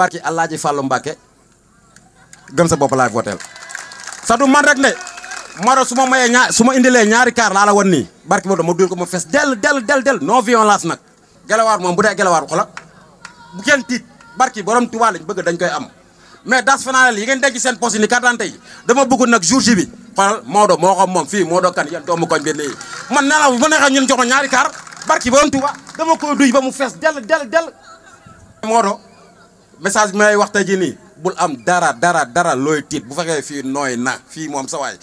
barki Alaaji Fàllu mbake gëm sa bop la votel sa du man rek ne maro suma maye mayee ñaar su ma indilee ñaari kaar la barki do mo dul ko mo fess del del del del non violence nak gelawar mom bu dee gelawar xola bu kenn tit barki borom tuwa lañ bëgg dañ koy am mais das fanaanel yi ngeen denc seen poste ni carte d'identité yi dama bëgg nak jour ji bi xoolal Maodo moo xam moom fii kan yéen doomu koñ bi nii man na la bu nexa ñun joxo ñaari barki borom tuwa dama ko duuy ba mu fess del del del modo message bi may wax tey jii nii bul am dara dara dara looy tiit bu fekkee fii nooy na fii moom sawaay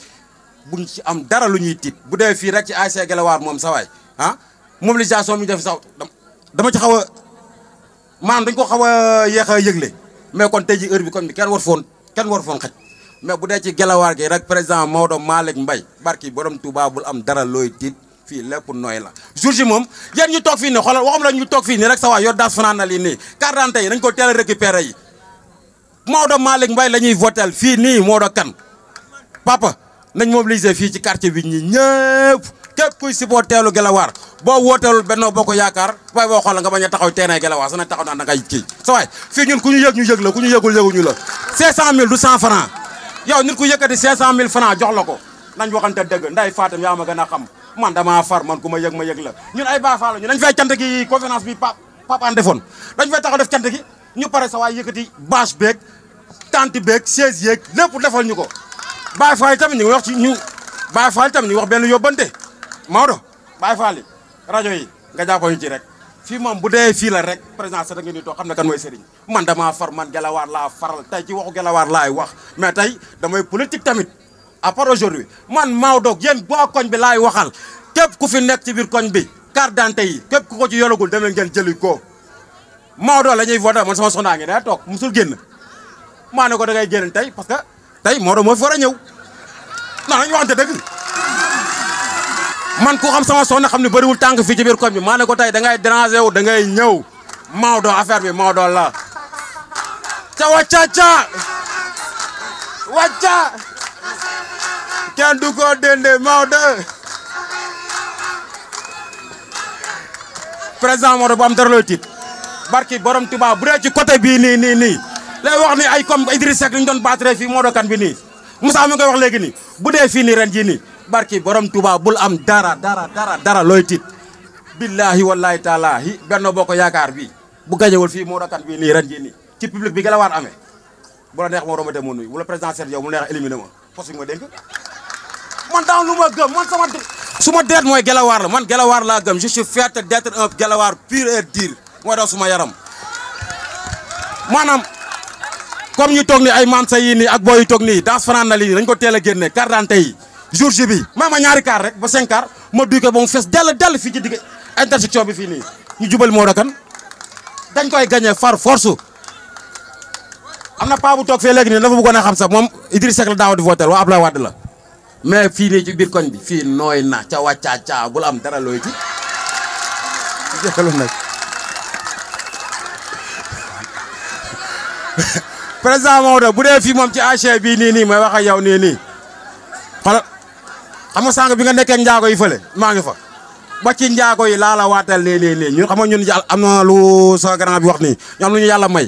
buñ ci am dara lu ñuy tiit bu dee fii rek ci ASC Guelwaar moom sawaay ah mobilisation bi def saw dama ci xaw a maanaam dañ ko xaw a yéex a yëgle mais kon tey ji heure bi kon kenn war foon kenn war foon xaj mais bu dee ci Guelwaar gi rek président Maodo Malick Mbaye barki borom Touba bul am dara looy tiit fi lepp noy la jour ji moom yéen ñu tok fi ne xolal waxam la ñu tok fi ni rek sa wa yo das fanaan na li ni 40 tay dañ ko teel a récupéré yi Maodo malik mbay lañuy votel fi ni Maodo kan papa nañ mobiliser fi ci quartier bi ñi ñepp képp kuy supporteelu Guelwaar bo wooteelul Benno boko yakar way bo xol nga baña a taxaw teenay Guelwaar sa na taxaw na nga ci sa way fi ñun ku ñu yegg ñu yegg la ku ñu yeggul yeggu ñu la 500000 du 100 francs yow nit ku yëkkati 500000 francs jox lako nañ waxante deug nday Fatam yaama gëna xam man dama far man kuma yegg ma yegg la ñun ay bafa la ñu lañ fay cant gi conférence bi pap papaan defone dañ fay taxaw def cant gi ñu paré sa way yëkëti bâche bek tante bek chaise yeeg lepp defal ñuko ko Baay Faal yi tamit ñu wax ci ñu Baay Faal yi tamit ñu wax ben yobante Maodo Baay Faal yi rajo yi nga jàppoo ñu ci rek fi mom bu dé fi la rek président sa da ngeen ni to xamna kan moy sëriñ man dama far man gelawar la faral tay ci waxu gelawar laay wax mais tay damay politique tamit à part aujourd'hui man Maodo ak yéen belai koñ bi lay waxal kep ku fi nek ci bir koñ bi carte d'identité yi kep ku ko ci yologul dem ngeen jël ko Maodo la ñuy voté man sama soxnaa ngi day musul genn mané ko da ngay genn tay parce que tay Maodo mo fi wara ñew ñëw non nañu man ku xam sama soxna xamni bari wul tank fi ci bir koñ bi mané ko tay da ngay déranger wu dangay ñëw Maodo affaire bi Maodo la ca wàcca cha kenn du ko dindi Maodo président Maodo bu am dara looy tiit barki borom Touba bu dee ci côté bii nii nii nii lay wax ni ay comme Idriss Seck li ñu doon battre fii Maodo kan bi nii Moussa mi ngi koy wax léegi nii bu dee fii nii ren jii nii barki borom Touba bul am dara dara dara dara looy tiit billahi wallahi taalahi benn boo ko yaakaar bii bu gajewul fii Maodo kan bii nii ren jii nii ci public bi gën a waar amee bu la neex moo romate mu nuyu wala président Serge yow mu neex éliminé ma poste bi man daaw lu ma gëm man sama suma deet mooy gelawaar la man gelawaar laa gëm je suis fier d'être un gelawaar pur et dur mooy daw suma yaram Manam, comme ñu toog ni ay maam sa yii nii ak booy yu toog nii dans fanaan na un dañ ko teel a génne yi jour ji bi maa ma ñaari kaar rek ba cinq kaar ma duy ko ba mu fees dell dell fii ci digg intersection bi fii nii ñu jubal moo dakan dañ koy gagné far force am na paa bu toog fee léegi nii dafa bëggoon a xam sax moom Idrissa Seck la di voter waa Abdoulaye Wade la mais fii nii ci biir koñ bi fii nooy na ca wàccaa caa bul am dara looy ci nag président Maodo bu dee fii moom ci AG bii nii nii may wax ak yow nii nii xoolal xam nga sànq bi nga nekkee njaago yi fële maa ngi fa ba ci njaago yi laa la waatal nii nii nii ñun xam nga ñun am na lu sa grand bi wax nii ñu am lu ñu yàlla may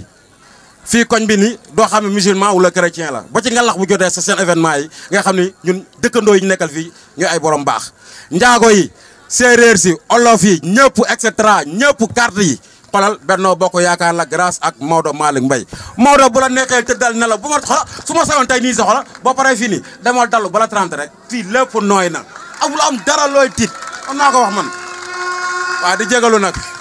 fii koñ bi ni doo xam ne musulman wala chrétien la boo ci ngalax bu jotee sa seen événement yi nga xam ni ñun dëkkandoo ñu nekkal fii ñu ay borom baax njaago yi séeréer si olof yi ñëpp et cetera ñëpp carte yi xolal bennoo Bokk Yaakaar la grâce ak Maodo Malick mbay Maodo bu la neexee tëddal ne la bu ma xola su ma sayoon tey nii sa xola boo paree fii ni demal dallu bala 30 rek fii lépp nooy na amul am dara looy tiit am naa ko wax man waaw di jégalu nag